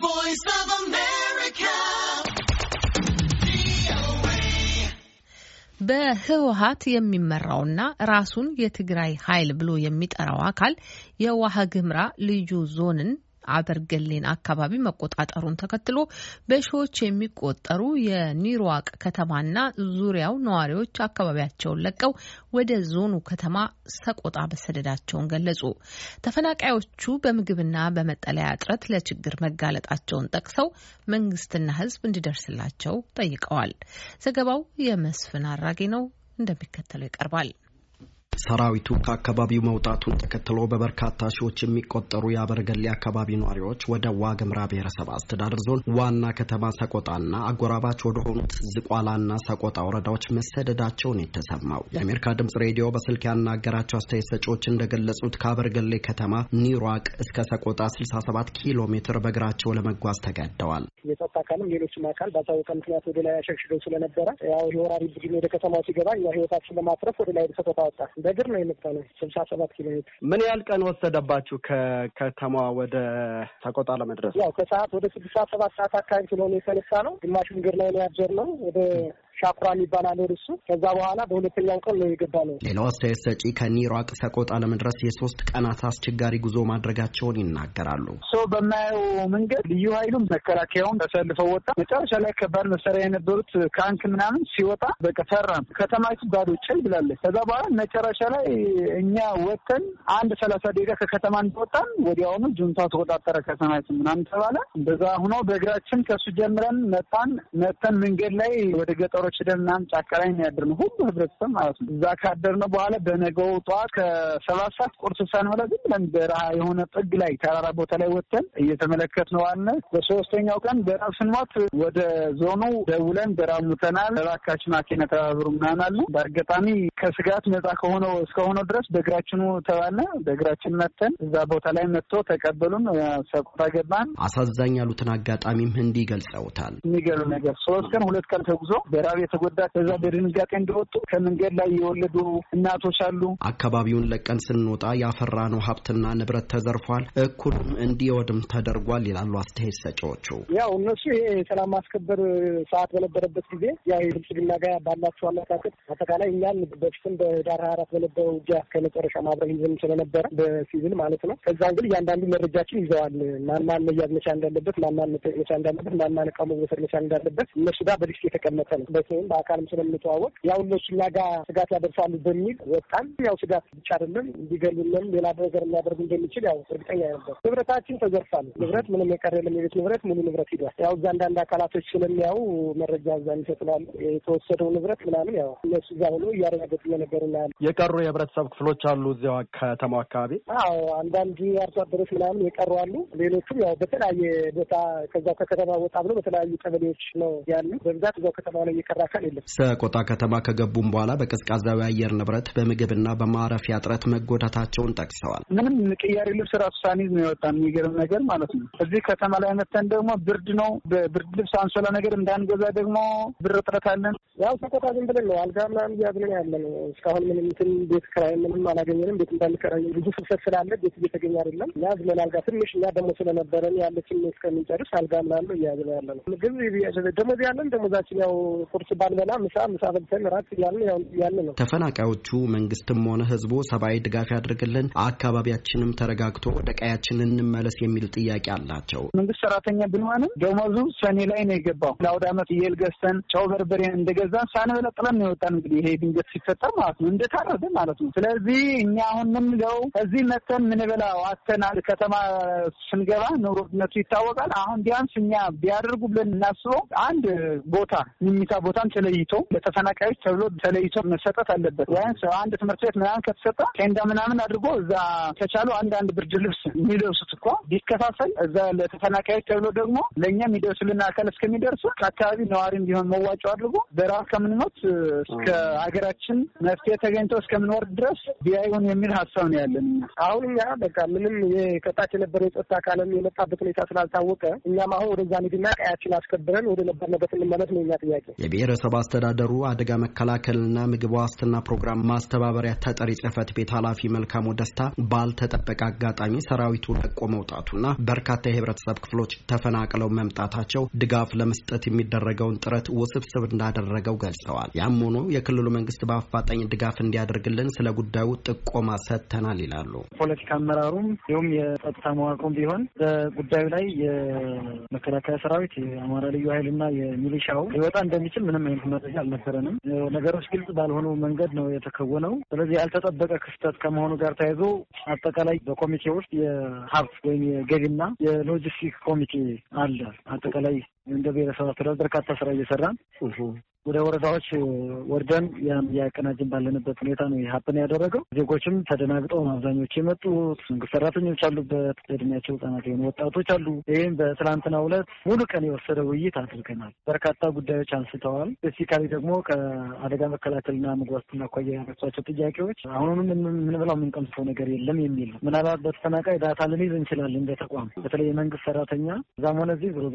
voice of America. በህወሀት የሚመራውና ራሱን የትግራይ ኃይል ብሎ የሚጠራው አካል የዋሃ ግምራ ልዩ ዞንን አበርገሌን አካባቢ መቆጣጠሩን ተከትሎ በሺዎች የሚቆጠሩ የኒሮዋቅ ከተማና ዙሪያው ነዋሪዎች አካባቢያቸውን ለቀው ወደ ዞኑ ከተማ ሰቆጣ መሰደዳቸውን ገለጹ። ተፈናቃዮቹ በምግብና በመጠለያ እጥረት ለችግር መጋለጣቸውን ጠቅሰው መንግስትና ሕዝብ እንዲደርስላቸው ጠይቀዋል። ዘገባው የመስፍን አራጌ ነው፣ እንደሚከተለው ይቀርባል። ሰራዊቱ ከአካባቢው መውጣቱን ተከትሎ በበርካታ ሺዎች የሚቆጠሩ የአበርገሌ አካባቢ ነዋሪዎች ወደ ዋግምራ ብሔረሰብ አስተዳደር ዞን ዋና ከተማ ሰቆጣና አጎራባች ወደ ሆኑት ዝቋላና ሰቆጣ ወረዳዎች መሰደዳቸውን የተሰማው የአሜሪካ ድምጽ ሬዲዮ በስልክ ያናገራቸው አስተያየት ሰጪዎች እንደገለጹት ከአበርገሌ ከተማ ኒሯቅ እስከ ሰቆጣ 67 ኪሎ ሜትር በእግራቸው ለመጓዝ ተገደዋል። የጸጥታ አካልም ሌሎችም አካል ባልታወቀ ምክንያት ወደ ላይ ስለነበረ ያው የወራሪ ቡድን ወደ ከተማው ሲገባ ህይወታችን ለማትረፍ ወደ ላይ ሰቆጣ ወጣ በእግር ነው የመጣ ነው ስልሳ ሰባት ኪሎ ሜትር። ምን ያህል ቀን ወሰደባችሁ ከከተማ ወደ ሰቆጣ ለመድረስ? ያው ከሰዓት ወደ ስድስት ሰዓት ሰባት ሰዓት አካባቢ ስለሆነ የተነሳ ነው። ግማሽ እግር ላይ ነው ነው ወደ ሻፍራን ይባላል እሱ። ከዛ በኋላ በሁለተኛው ቀን ነው የገባ ነው። ሌላው አስተያየት ሰጪ ከኒሯቅ ሰቆጣ ለመድረስ የሶስት ቀናት አስቸጋሪ ጉዞ ማድረጋቸውን ይናገራሉ። ሶ በማየው መንገድ ልዩ ኃይሉም መከላከያውን ተሰልፈው ወጣ። መጨረሻ ላይ ከባድ መሳሪያ የነበሩት ካንክ ምናምን ሲወጣ በቃ ፈራን። ከተማይቱ ባዶ ጭል ብላለች። ከዛ በኋላ መጨረሻ ላይ እኛ ወተን አንድ ሰላሳ ደቂቃ ከከተማ እንደወጣን ወዲያውኑ ጁንታ ተቆጣጠረ ከተማይቱን ምናምን ተባለ። በዛ ሁኖ በእግራችን ከሱ ጀምረን መጣን። መተን መንገድ ላይ ወደ ገጠሮ ቤቶች ሄደን ምናምን ጫካ ላይ የሚያድር ነው ሁሉ ህብረተሰብ ማለት ነው። እዛ ካደርነ በኋላ በነገው ጠዋት ከሰባት ሰዓት ቁርስ ሳንበላ ዝም ብለን በረሃ የሆነ ጥግ ላይ ተራራ ቦታ ላይ ወጥተን እየተመለከት ነው አለ። በሶስተኛው ቀን በራብ ስንሞት ወደ ዞኑ ደውለን በራብ ሙተናል፣ እባካችሁ ማኪና ተባብሩ ምናምን አሉ። በአጋጣሚ ከስጋት ነጻ ከሆነው እስከሆነው ድረስ በእግራችኑ ተባለ። በእግራችን መተን እዛ ቦታ ላይ መጥቶ ተቀበሉን፣ ሰቆጣ ገባን። አሳዛኝ ያሉትን አጋጣሚም እንዲህ ገልጸውታል። የሚገርም ነገር ሶስት ቀን ሁለት ቀን ተጉዞ በራብ የተጎዳ ከዛ በድንጋጤ እንደወጡ ከመንገድ ላይ የወለዱ እናቶች አሉ። አካባቢውን ለቀን ስንወጣ ያፈራነው ሀብትና ንብረት ተዘርፏል፣ እኩሉም እንዲወድም ተደርጓል ይላሉ አስተያየት ሰጪዎቹ። ያው እነሱ ይሄ የሰላም ማስከበር ሰዓት በነበረበት ጊዜ ያው የብልጽግና ጋር ባላቸው አመለካከት አጠቃላይ እኛም በፊትም በዳር አራት በነበረው ውጊያ ከመጨረሻ ማብረን ይዘን ስለነበረ በሲቪል ማለት ነው። ከዛ እንግዲህ እያንዳንዱ መረጃችን ይዘዋል። ማን ማን መያዝ መቻ እንዳለበት፣ ማን ማን መጠየቅ መቻ እንዳለበት፣ ማን ማን እቃ መወሰድ መቻ እንዳለበት እነሱ ጋር በሊስት የተቀመጠ ነው። ወይም በአካልም ስለምንተዋወቅ ያው እነሱ እኛ ጋር ስጋት ያደርሳሉ በሚል ወጣን። ያው ስጋት ብቻ አይደለም እንዲገሉንም ሌላ ነገር የሚያደርጉ እንደሚችል ያው እርግጠኛ ነበር። ንብረታችን ተዘርፋል። ንብረት ምንም የቀረ የለም። የቤት ንብረት ሙሉ ንብረት ሂዷል። ያው እዛ አንዳንድ አካላቶች ስለሚያው መረጃ እዛ ይሰጥላል። የተወሰደው ንብረት ምናምን ያው እነሱ እዛ ሆኖ እያረጋገጡ ነገር ና የቀሩ የህብረተሰብ ክፍሎች አሉ እዚያው ከተማው አካባቢ። አዎ አንዳንድ አርሶ አደሮች ምናምን የቀሩ አሉ። ሌሎቹም ያው በተለያየ ቦታ ከዛው ከከተማ ወጣ ብሎ በተለያዩ ቀበሌዎች ነው ያሉ። በብዛት እዛው ከተማ ላይ የሰራ አካል የለም። ሰቆጣ ከተማ ከገቡም በኋላ በቀዝቃዛዊ አየር ንብረት በምግብና በማረፊያ እጥረት መጎዳታቸውን ጠቅሰዋል። ምንም ቅያሬ ልብስ ራሱ ሳኒዝ ነው የወጣ የሚገርም ነገር ማለት ነው። እዚህ ከተማ ላይ መተን ደግሞ ብርድ ነው። በብርድ ልብስ አንሶላ ነገር እንዳንገዛ ደግሞ ብር እጥረት አለን። ያው ሰቆጣ ዝም ብለን ነው አልጋ ምናምን እያዝን ያለ ነው። እስካሁን ምንም እንትን ቤት ክራይ ምንም አላገኘንም። ቤት እንዳንከራይ ብዙ ፍልሰት ስላለ ቤት እየተገኘ አይደለም። እኛ ዝለን አልጋ ትንሽ እኛ ደግሞ ስለነበረን ያለችን እስከምንጨርስ አልጋ ምናምን እያዝን ያለ ነው። ምግብ ደሞዝ ያለን ደሞዛችን ያው ቁርስ ባልበላ ምሳ ምሳ በልተን ራት እያልን ያለ ነው። ተፈናቃዮቹ መንግስትም ሆነ ህዝቡ ሰብአዊ ድጋፍ ያድርግልን፣ አካባቢያችንም ተረጋግቶ ወደ ቀያችን እንመለስ የሚል ጥያቄ አላቸው። መንግስት ሰራተኛ ብንሆንም ደሞዙ ሰኔ ላይ ነው የገባው። ለአውደ አመት እየል ገዝተን ጨው በርበሬ እንደገዛ ሳንበላ ጥለን ነው የወጣን። እንግዲህ ይሄ ድንገት ሲፈጠር ማለት ነው እንደታረደ ማለት ነው። ስለዚህ እኛ አሁን ምንለው እዚህ መተን ምንበላ ዋተናል። ከተማ ስንገባ ኑሮ ውድነቱ ይታወቃል። አሁን ቢያንስ እኛ ቢያደርጉ ብለን እናስበው አንድ ቦታ የሚታ ቦታ ቦታም ተለይቶ ለተፈናቃዮች ተብሎ ተለይቶ መሰጠት አለበት። ወይንስ አንድ ትምህርት ቤት ምናምን ከተሰጠ ቴንዳ ምናምን አድርጎ እዛ ከቻሉ አንዳንድ ብርድ ልብስ የሚለብሱት እኮ ቢከፋፈል እዛ ለተፈናቃዮች ተብሎ ደግሞ ለእኛ የሚደርሱልን አካል እስከሚደርሱ ከአካባቢ ነዋሪ እንዲሆን መዋጮ አድርጎ በረሃብ ከምንሞት እስከ ሀገራችን መፍትሄ ተገኝቶ እስከምንወርድ ድረስ ቢያዩን የሚል ሀሳብ ነው ያለን። አሁን እኛ በቃ ምንም ከታች የነበረ የጸጥታ አካልም የመጣበት ሁኔታ ስላልታወቀ እኛም አሁን ወደዛ ሄድና ቀያችን አስከብረን ወደ ነበርንበት እንመለስ ነው እኛ ጥያቄ። የርዕሰብ አስተዳደሩ አደጋ መከላከልና ምግብ ዋስትና ፕሮግራም ማስተባበሪያ ተጠሪ ጽህፈት ቤት ኃላፊ መልካሙ ደስታ ባልተጠበቀ አጋጣሚ ሰራዊቱ ለቆ መውጣቱና በርካታ የህብረተሰብ ክፍሎች ተፈናቅለው መምጣታቸው ድጋፍ ለመስጠት የሚደረገውን ጥረት ውስብስብ እንዳደረገው ገልጸዋል። ያም ሆኖ የክልሉ መንግስት በአፋጣኝ ድጋፍ እንዲያደርግልን ስለ ጉዳዩ ጥቆማ ሰጥተናል ይላሉ። ፖለቲካ አመራሩም ይሁም የጸጥታ መዋቅሩም ቢሆን በጉዳዩ ላይ የመከላከያ ሰራዊት የአማራ ልዩ ኃይልና የሚሊሻው ሊወጣ እንደሚችል ምንም አይነት መረጃ አልነበረንም። ነገሮች ግልጽ ባልሆኑ መንገድ ነው የተከወነው። ስለዚህ ያልተጠበቀ ክስተት ከመሆኑ ጋር ተያይዞ አጠቃላይ በኮሚቴ ውስጥ የሀብት ወይም የገቢና የሎጂስቲክ ኮሚቴ አለ አጠቃላይ እንደ ብሔረሰብ አስተዳደር በርካታ ስራ እየሰራን ወደ ወረዳዎች ወርደን ያን እያቀናጅን ባለንበት ሁኔታ ነው ሀፕን ያደረገው። ዜጎችም ተደናግጠው አብዛኞች የመጡት መንግስት ሰራተኞች አሉበት፣ በእድሜያቸው ህጻናት የሆኑ ወጣቶች አሉ። ይህም በትላንትና ሁለት ሙሉ ቀን የወሰደ ውይይት አድርገናል። በርካታ ጉዳዮች አንስተዋል። ስፔሲካሊ ደግሞ ከአደጋ መከላከልና ምግብ ዋስትና አኳያ ያነሷቸው ጥያቄዎች አሁኑንም የምንበላው የምንቀምሰው ነገር የለም የሚል ነው። ምናልባት በተፈናቃይ ዳታ ልንይዝ እንችላለን። እንደ ተቋም በተለይ የመንግስት ሰራተኛ እዛም ሆነ እዚህ ዝሮ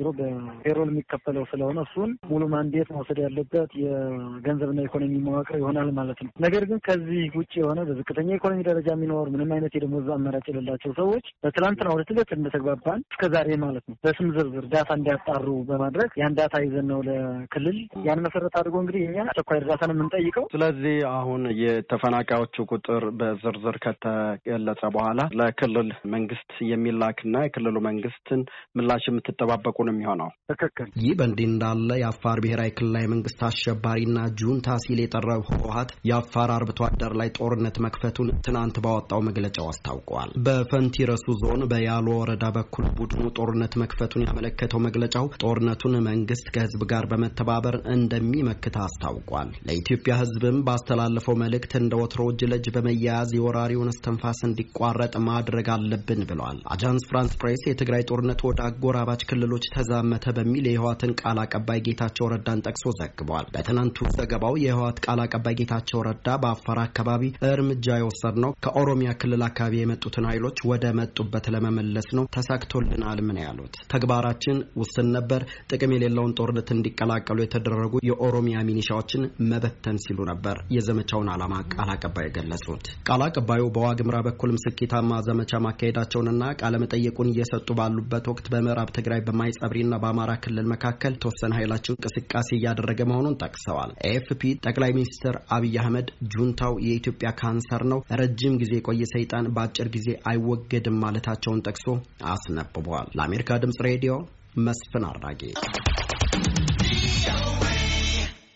ዞሮ ፌዴራል የሚከፈለው ስለሆነ እሱን ሙሉ ማንዴት መውሰድ ያለበት የገንዘብና ኢኮኖሚ መዋቅር ይሆናል ማለት ነው። ነገር ግን ከዚህ ውጭ የሆነ በዝቅተኛ ኢኮኖሚ ደረጃ የሚኖር ምንም አይነት የደሞዝ አማራጭ የሌላቸው ሰዎች በትላንትና ሁለት ዕለት እንደተግባባን እስከ ዛሬ ማለት ነው በስም ዝርዝር ዳታ እንዲያጣሩ በማድረግ ያን ዳታ ይዘን ነው ለክልል ያን መሰረት አድርጎ እንግዲህ እኛ አስቸኳይ እርዳታ ነው የምንጠይቀው። ስለዚህ አሁን የተፈናቃዮቹ ቁጥር በዝርዝር ከተገለጸ በኋላ ለክልል መንግስት የሚላክና የክልሉ መንግስትን ምላሽ የምትጠባበቁ ነው የሚሆነው። ይመሰገን። ይህ በእንዲህ እንዳለ የአፋር ብሔራዊ ክልላዊ መንግስት አሸባሪና ጁንታ ሲል የጠራው ህወሀት የአፋር አርብቶ አደር ላይ ጦርነት መክፈቱን ትናንት ባወጣው መግለጫው አስታውቋል። በፈንቲ ረሱ ዞን በያሎ ወረዳ በኩል ቡድኑ ጦርነት መክፈቱን ያመለከተው መግለጫው ጦርነቱን መንግስት ከህዝብ ጋር በመተባበር እንደሚመክት አስታውቋል። ለኢትዮጵያ ህዝብም ባስተላለፈው መልእክት እንደ ወትሮ እጅ ለእጅ በመያያዝ የወራሪውን እስትንፋስ እንዲቋረጥ ማድረግ አለብን ብለዋል። አጃንስ ፍራንስ ፕሬስ የትግራይ ጦርነት ወደ አጎራባች ክልሎች ተዛመተ በሚ በሚል የህወሓትን ቃል አቀባይ ጌታቸው ረዳን ጠቅሶ ዘግቧል። በትናንቱ ዘገባው የህወሓት ቃል አቀባይ ጌታቸው ረዳ በአፋር አካባቢ እርምጃ የወሰድ ነው ከኦሮሚያ ክልል አካባቢ የመጡትን ኃይሎች ወደ መጡበት ለመመለስ ነው፣ ተሳክቶልናል ምን ያሉት ተግባራችን ውስን ነበር፣ ጥቅም የሌለውን ጦርነት እንዲቀላቀሉ የተደረጉ የኦሮሚያ ሚኒሻዎችን መበተን ሲሉ ነበር የዘመቻውን ዓላማ ቃል አቀባይ የገለጹት። ቃል አቀባዩ በዋግምራ በኩልም ስኬታማ ዘመቻ ማካሄዳቸውንና ቃለመጠየቁን እየሰጡ ባሉበት ወቅት በምዕራብ ትግራይ በማይጸብሪና በአማራ ክልል መካከል ተወሰነ ኃይላቸው እንቅስቃሴ እያደረገ መሆኑን ጠቅሰዋል። ኤኤፍፒ ጠቅላይ ሚኒስትር አብይ አህመድ ጁንታው የኢትዮጵያ ካንሰር ነው፣ ረጅም ጊዜ የቆየ ሰይጣን በአጭር ጊዜ አይወገድም ማለታቸውን ጠቅሶ አስነብቧል። ለአሜሪካ ድምጽ ሬዲዮ መስፍን አራጌ